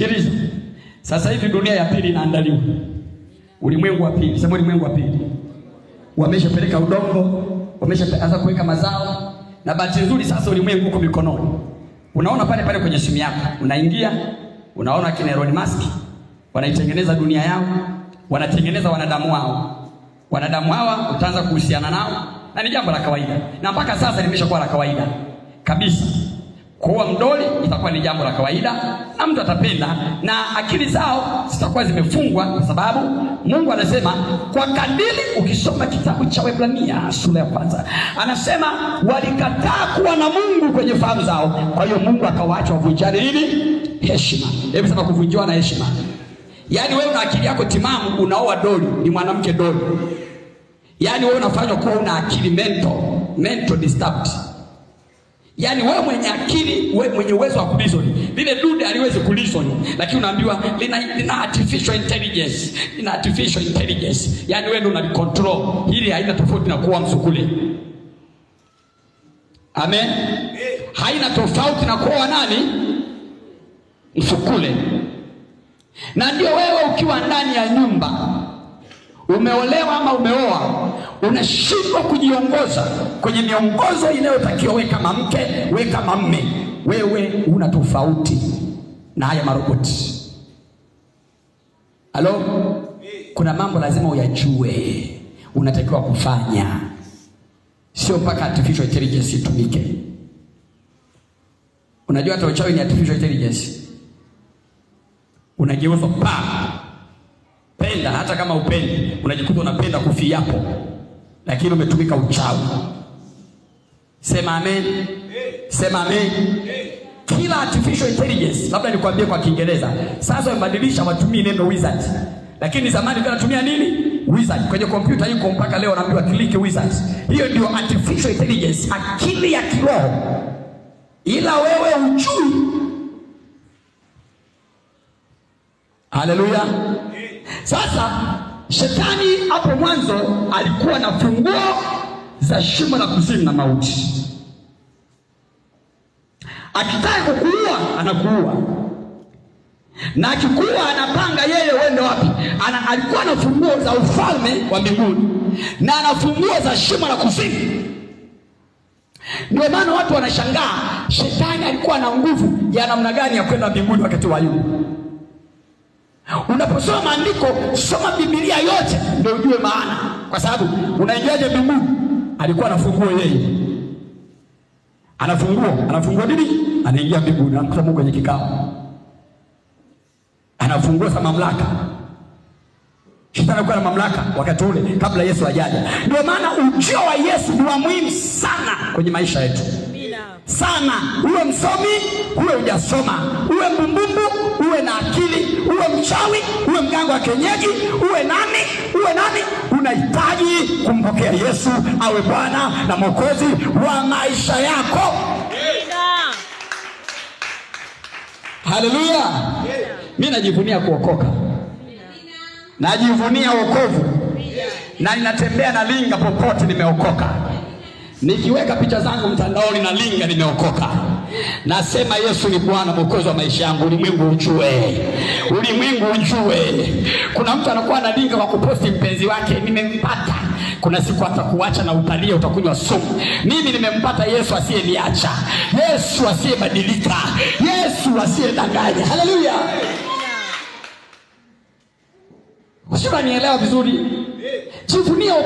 Sikiliza. Sasa hivi dunia ya pili inaandaliwa. Ulimwengu wa pili, sema ulimwengu wa pili. Wameshapeleka udongo, wameshaanza kuweka mazao na bahati nzuri sasa ulimwengu uko mikononi. Unaona pale pale kwenye simu yako. Unaingia, unaona kina Elon Musk wanaitengeneza dunia yao, wanatengeneza wanadamu wao. Wanadamu hawa utaanza kuhusiana nao na ni jambo la kawaida. Na mpaka sasa limeshakuwa la kawaida kabisa kuwa mdoli itakuwa ni jambo la kawaida na mtu atapenda, na akili zao zitakuwa zimefungwa, kwa sababu Mungu anasema kwa kadiri. Ukisoma kitabu cha Waebrania sura ya kwanza, anasema walikataa kuwa na Mungu kwenye fahamu zao, kwa hiyo Mungu akawaacha wavunjane ili Heshima. Hebu sema kuvunjiwa na heshima, yaani wewe una akili yako timamu, unaoa doli, ni mwanamke doli, yaani wewe unafanywa kuwa una akili mental, mental disturbed Yaani wewe mwenye akili, wewe mwenye uwezo wa kulison Lile dude aliwezi kulison lakini unaambiwa lina, lina artificial intelligence, lina artificial intelligence. Yaani wewe ndio unalicontrol. Hili haina tofauti na kuwa msukule. Amen. Haina tofauti na kuwa nani? Msukule. Na ndio wewe ukiwa ndani ya nyumba umeolewa ama umeoa unashindwa kujiongoza kwenye miongozo inayotakiwa we kama mke, we kama mme, wewe una tofauti na haya maroboti. Halo, kuna mambo lazima uyajue, unatakiwa kufanya, sio mpaka artificial intelligence itumike. Unajua hata uchawi ni artificial intelligence, unageuza pa penda, hata kama upendi, unajikuta unapenda kufi yapo lakini umetumika uchawi. Sema amen, sema amen. Kila artificial intelligence, labda nikwambie kwa Kiingereza sasa, wamebadilisha watumii neno wizard, lakini zamani anatumia nini? Wizard. Kwenye kompyuta yuko mpaka leo naambiwa click wizard. Hiyo ndio artificial intelligence, akili ya kiroho, ila wewe ujui. Haleluya! Sasa Shetani hapo mwanzo alikuwa na funguo za shimo la kuzimu na mauti. Akitaka kukuua anakuua, na akikuua anapanga yeye uende wapi. Ana, alikuwa na funguo za ufalme wa mbinguni na ana funguo za shimo la kuzimu. Ndio maana watu wanashangaa shetani alikuwa na nguvu ya namna gani ya kwenda mbinguni wakati wa Ayubu. Unaposoma maandiko soma Biblia yote ndio ujue maana, kwa sababu unaingiaje mbinguni? Alikuwa anafungua yeye, anafungua anafungua nini? Anaingia mbinguni, anakuta Mungu kwenye kikao, anafungua sa mamlaka. Shetani alikuwa na mamlaka wakati ule, kabla Yesu ajaja. Ndio maana ujio wa Yesu ni wa muhimu sana kwenye maisha yetu sana. Uwe msomi, uwe hujasoma, uwe mbumbumbu, uwe na akili uwe mchawi, uwe mganga wa kienyeji, uwe nani, uwe nani, unahitaji kumpokea Yesu awe Bwana na Mwokozi wa maisha yako. Haleluya. mi najivunia kuokoka. Najivunia wokovu. Na ninatembea na linga popote nimeokoka. Nikiweka picha zangu mtandaoni na linga nimeokoka. Nasema Yesu ni Bwana mwokozi wa maisha yangu, ulimwengu ujue, ulimwengu ujue. Kuna mtu anakuwa anadinga kwa kuposti mpenzi wake, nimempata. Kuna siku atakuacha na utalia, utakunywa sumu. Mimi nimempata Yesu asiyeniacha, Yesu asiyebadilika, Yesu asiyedanganya. Haleluya! Usiwanielewa vizuri? Jivunie.